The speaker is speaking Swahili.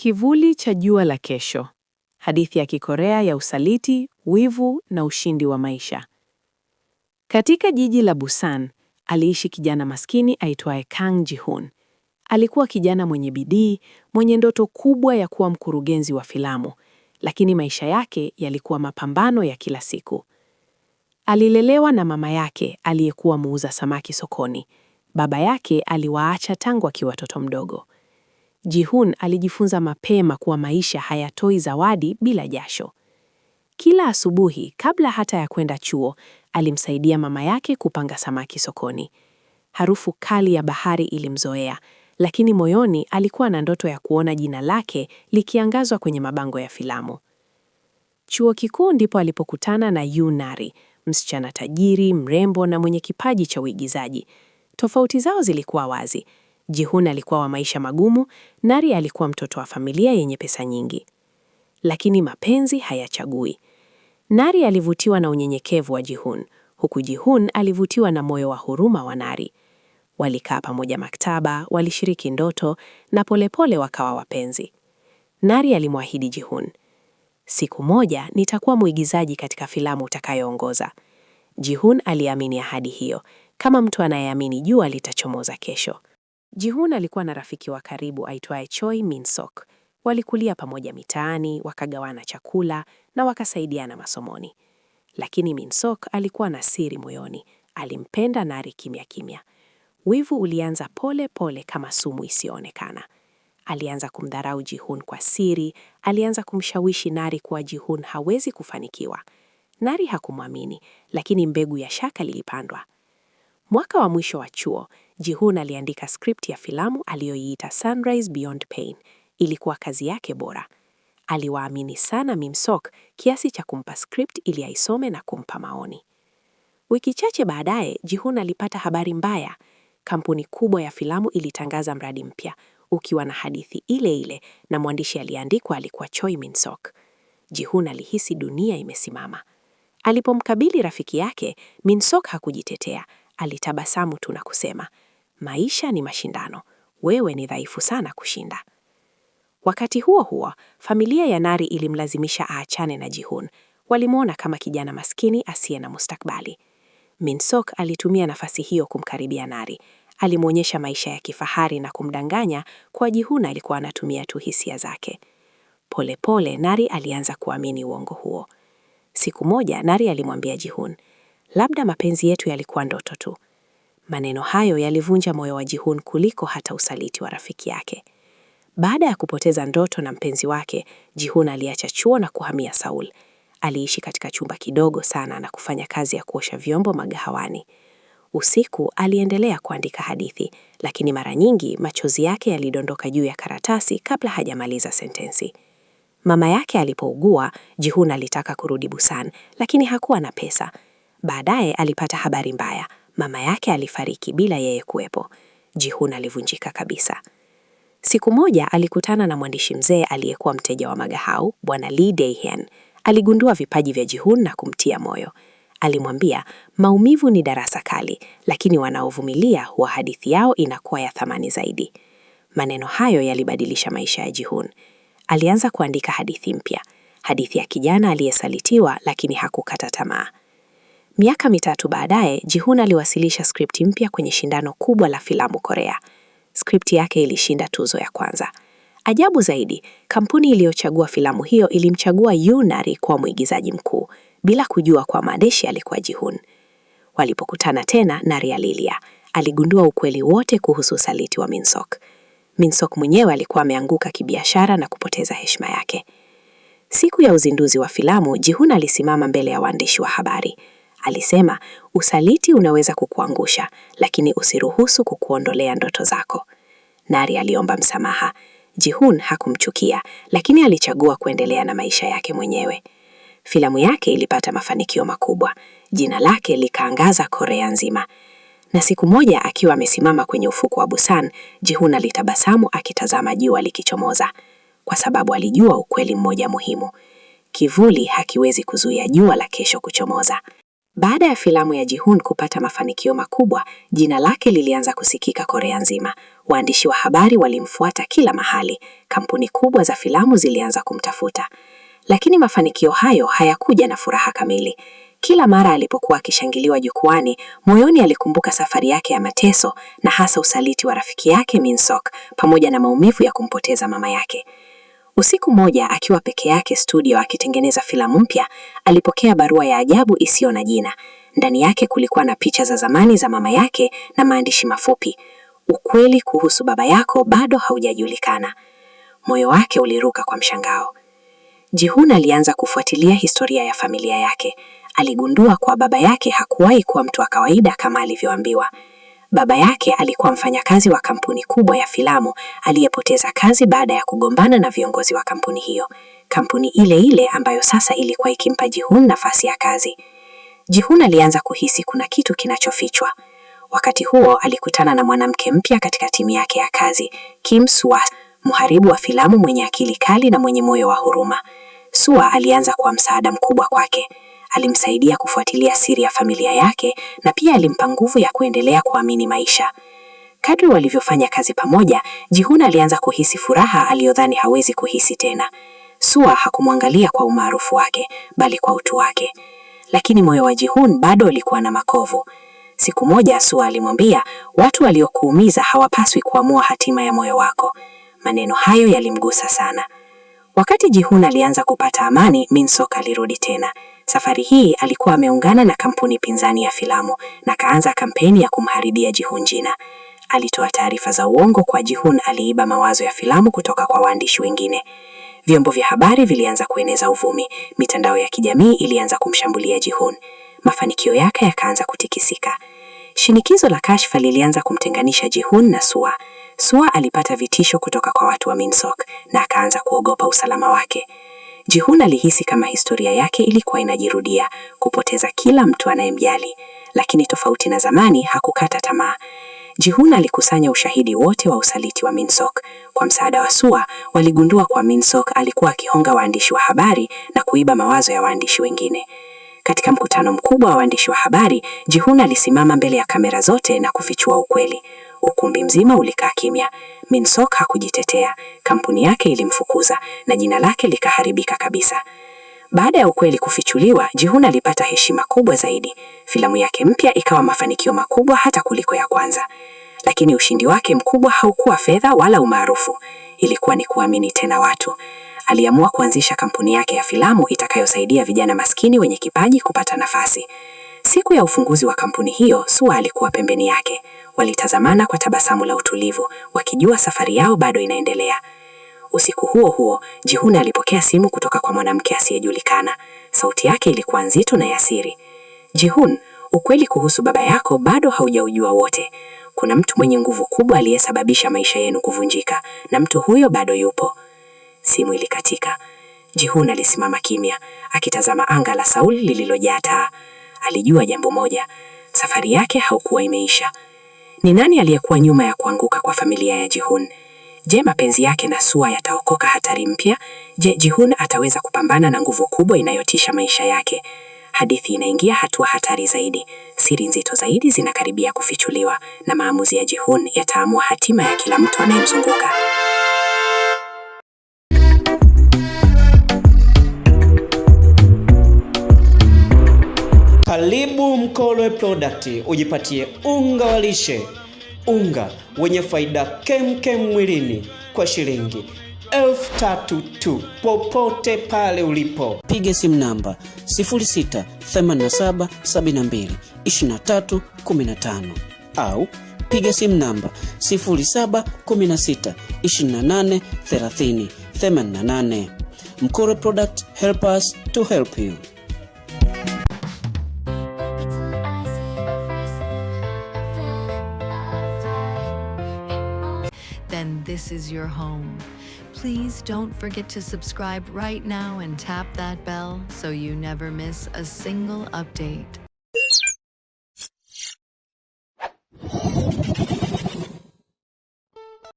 Kivuli cha jua la kesho, hadithi ya Kikorea ya usaliti, wivu na ushindi wa maisha. Katika jiji la Busan aliishi kijana maskini aitwaye Kang Ji-hoon. Alikuwa kijana mwenye bidii, mwenye ndoto kubwa ya kuwa mkurugenzi wa filamu, lakini maisha yake yalikuwa mapambano ya kila siku. Alilelewa na mama yake aliyekuwa muuza samaki sokoni. Baba yake aliwaacha tangu akiwa mtoto mdogo jihun alijifunza mapema kuwa maisha hayatoi zawadi bila jasho. Kila asubuhi kabla hata ya kwenda chuo, alimsaidia mama yake kupanga samaki sokoni. Harufu kali ya bahari ilimzoea, lakini moyoni alikuwa na ndoto ya kuona jina lake likiangazwa kwenye mabango ya filamu. Chuo kikuu ndipo alipokutana na yunari msichana tajiri, mrembo na mwenye kipaji cha uigizaji. Tofauti zao zilikuwa wazi. Jihun alikuwa wa maisha magumu, Nari alikuwa mtoto wa familia yenye pesa nyingi. Lakini mapenzi hayachagui. Nari alivutiwa na unyenyekevu wa Jihun, huku Jihun alivutiwa na moyo wa huruma wa Nari. Walikaa pamoja maktaba, walishiriki ndoto na polepole wakawa wapenzi. Nari alimwahidi Jihun, siku moja nitakuwa mwigizaji katika filamu utakayoongoza. Jihun aliamini ahadi hiyo, kama mtu anayeamini jua litachomoza kesho jihun alikuwa na rafiki wa karibu aitwaye Choi minsok Walikulia pamoja mitaani, wakagawana chakula na wakasaidiana masomoni. Lakini minsok alikuwa na siri moyoni, alimpenda Nari kimya kimya. Wivu ulianza pole pole kama sumu isiyoonekana. Alianza kumdharau jihun kwa siri, alianza kumshawishi Nari kuwa jihun hawezi kufanikiwa. Nari hakumwamini, lakini mbegu ya shaka lilipandwa. Mwaka wa mwisho wa chuo, jihun aliandika script ya filamu aliyoiita Sunrise Beyond Pain. Ilikuwa kazi yake bora. Aliwaamini sana Mimsok kiasi cha kumpa script ili aisome na kumpa maoni. Wiki chache baadaye, jihun alipata habari mbaya. Kampuni kubwa ya filamu ilitangaza mradi mpya ukiwa na hadithi ile ile, na mwandishi aliyeandikwa alikuwa Choi min jihun alihisi dunia imesimama. Alipomkabili rafiki yake, min hakujitetea. Alitabasamu tu na kusema, maisha ni mashindano, wewe ni dhaifu sana kushinda. Wakati huo huo, familia ya Nari ilimlazimisha aachane na Jihun. Walimwona kama kijana maskini asiye na mustakbali. Minsok alitumia nafasi hiyo kumkaribia Nari. Alimwonyesha maisha ya kifahari na kumdanganya kwa Jihun alikuwa anatumia tu hisia zake. Polepole pole, Nari alianza kuamini uongo huo. Siku moja Nari alimwambia Jihun, labda mapenzi yetu yalikuwa ndoto tu. Maneno hayo yalivunja moyo wa Jihun kuliko hata usaliti wa rafiki yake. Baada ya kupoteza ndoto na mpenzi wake, Jihun aliacha chuo na kuhamia saul Aliishi katika chumba kidogo sana na kufanya kazi ya kuosha vyombo magahawani. Usiku aliendelea kuandika hadithi, lakini mara nyingi machozi yake yalidondoka juu ya karatasi kabla hajamaliza sentensi. Mama yake alipougua, Jihun alitaka kurudi Busan, lakini hakuwa na pesa. Baadaye alipata habari mbaya, mama yake alifariki bila yeye kuwepo. Jihuna alivunjika kabisa. Siku moja alikutana na mwandishi mzee aliyekuwa mteja wa Magahau, Bwana Lee Deihen. Aligundua vipaji vya Jihun na kumtia moyo. Alimwambia maumivu ni darasa kali, lakini wanaovumilia huwa hadithi yao inakuwa ya thamani zaidi. Maneno hayo yalibadilisha maisha ya Jihun. Alianza kuandika hadithi mpya, hadithi ya kijana aliyesalitiwa lakini hakukata tamaa. Miaka mitatu baadaye, Ji-hoon aliwasilisha skripti mpya kwenye shindano kubwa la filamu Korea. Skripti yake ilishinda tuzo ya kwanza. Ajabu zaidi, kampuni iliyochagua filamu hiyo ilimchagua yunari kuwa mwigizaji mkuu bila kujua kwa maandishi alikuwa Ji-hoon. Walipokutana tena, na alilia. Aligundua ukweli wote kuhusu usaliti wa minsok minsok mwenyewe alikuwa ameanguka kibiashara na kupoteza heshima yake. Siku ya uzinduzi wa filamu, Ji-hoon alisimama mbele ya waandishi wa habari. Alisema, usaliti unaweza kukuangusha, lakini usiruhusu kukuondolea ndoto zako. Nari aliomba msamaha. Jihun hakumchukia, lakini alichagua kuendelea na maisha yake mwenyewe. Filamu yake ilipata mafanikio makubwa. Jina lake likaangaza Korea nzima. Na siku moja akiwa amesimama kwenye ufuko wa Busan, Jihun alitabasamu akitazama jua likichomoza, kwa sababu alijua ukweli mmoja muhimu. Kivuli hakiwezi kuzuia jua la kesho kuchomoza. Baada ya filamu ya Ji-hoon kupata mafanikio makubwa, jina lake lilianza kusikika Korea nzima. Waandishi wa habari walimfuata kila mahali, kampuni kubwa za filamu zilianza kumtafuta. Lakini mafanikio hayo hayakuja na furaha kamili. Kila mara alipokuwa akishangiliwa jukwani, moyoni alikumbuka safari yake ya mateso na hasa usaliti wa rafiki yake Min Sok, pamoja na maumivu ya kumpoteza mama yake. Usiku moja akiwa peke yake studio akitengeneza filamu mpya, alipokea barua ya ajabu isiyo na jina. Ndani yake kulikuwa na picha za zamani za mama yake na maandishi mafupi, ukweli kuhusu baba yako bado haujajulikana. Moyo wake uliruka kwa mshangao. Jihun alianza kufuatilia historia ya familia yake. Aligundua kuwa baba yake hakuwahi kuwa mtu wa kawaida kama alivyoambiwa. Baba yake alikuwa mfanyakazi wa kampuni kubwa ya filamu aliyepoteza kazi baada ya kugombana na viongozi wa kampuni hiyo, kampuni ile ile ambayo sasa ilikuwa ikimpa Jihun nafasi ya kazi. Jihun alianza kuhisi kuna kitu kinachofichwa. Wakati huo alikutana na mwanamke mpya katika timu yake ya kazi, Kim Sua, mharibu wa filamu mwenye akili kali na mwenye moyo wa huruma. Sua alianza kuwa msaada mkubwa kwake alimsaidia kufuatilia siri ya familia yake na pia alimpa nguvu ya kuendelea kuamini maisha. Kadri walivyofanya kazi pamoja, Jihun alianza kuhisi furaha aliyodhani hawezi kuhisi tena. Sua hakumwangalia kwa umaarufu wake, bali kwa utu wake, lakini moyo wa Jihun bado ulikuwa na makovu. Siku moja Sua alimwambia, watu waliokuumiza hawapaswi kuamua hatima ya moyo wako. Maneno hayo yalimgusa sana. Wakati Jihun alianza kupata amani, Minsok alirudi tena. Safari hii alikuwa ameungana na kampuni pinzani ya filamu na kaanza kampeni ya kumharibia Jihun jina. Alitoa taarifa za uongo kwa Jihun aliiba mawazo ya filamu kutoka kwa waandishi wengine. Vyombo vya habari vilianza kueneza uvumi, mitandao ya kijamii ilianza kumshambulia Jihun. Mafanikio yake yakaanza kutikisika. Shinikizo la kashfa lilianza kumtenganisha Jihun na Sua. Sua alipata vitisho kutoka kwa watu wa Minsok na akaanza kuogopa usalama wake. Jihuna alihisi kama historia yake ilikuwa inajirudia, kupoteza kila mtu anayemjali. Lakini tofauti na zamani, hakukata tamaa. Jihuna alikusanya ushahidi wote wa usaliti wa Minsok. Kwa msaada wa Sua, waligundua kwa Minsok alikuwa akihonga waandishi wa habari na kuiba mawazo ya waandishi wengine. Katika mkutano mkubwa wa waandishi wa habari, Jihuna alisimama mbele ya kamera zote na kufichua ukweli. Ukumbi mzima ulikaa kimya. Minsok hakujitetea, kampuni yake ilimfukuza na jina lake likaharibika kabisa. Baada ya ukweli kufichuliwa, Jihuna alipata heshima kubwa zaidi. Filamu yake mpya ikawa mafanikio makubwa hata kuliko ya kwanza. Lakini ushindi wake mkubwa haukuwa fedha wala umaarufu, ilikuwa ni kuamini tena watu. Aliamua kuanzisha kampuni yake ya filamu itakayosaidia vijana maskini wenye kipaji kupata nafasi. Siku ya ufunguzi wa kampuni hiyo, Sua alikuwa pembeni yake. Walitazamana kwa tabasamu la utulivu, wakijua safari yao bado inaendelea. Usiku huo huo, Jihuna alipokea simu kutoka kwa mwanamke asiyejulikana. Sauti yake ilikuwa nzito na ya siri. Jihun, ukweli kuhusu baba yako bado haujaujua wote. Kuna mtu mwenye nguvu kubwa aliyesababisha maisha yenu kuvunjika, na mtu huyo bado yupo. Simu ilikatika. Jihun alisimama kimya, akitazama anga la Sauli lililojaa taa. Alijua jambo moja, safari yake haukuwa imeisha. Ni nani aliyekuwa nyuma ya kuanguka kwa familia ya Jihun? Je, mapenzi yake na Sua yataokoka hatari mpya? Je, Jihun ataweza kupambana na nguvu kubwa inayotisha maisha yake? Hadithi inaingia hatua hatari zaidi, siri nzito zaidi zinakaribia kufichuliwa, na maamuzi ya Jihun yataamua hatima ya kila mtu anayemzunguka. Karibu Mkolwe Product ujipatie unga wa lishe, unga wenye faida kemkem mwilini kwa shilingi elfu tatu tu, popote pale ulipo. Piga simu namba 0687722315 au piga simu namba 0716283088. Mkolwe Product, help us to help you. then this is your home. Please don't forget to subscribe right now and tap that bell so you never miss a single update.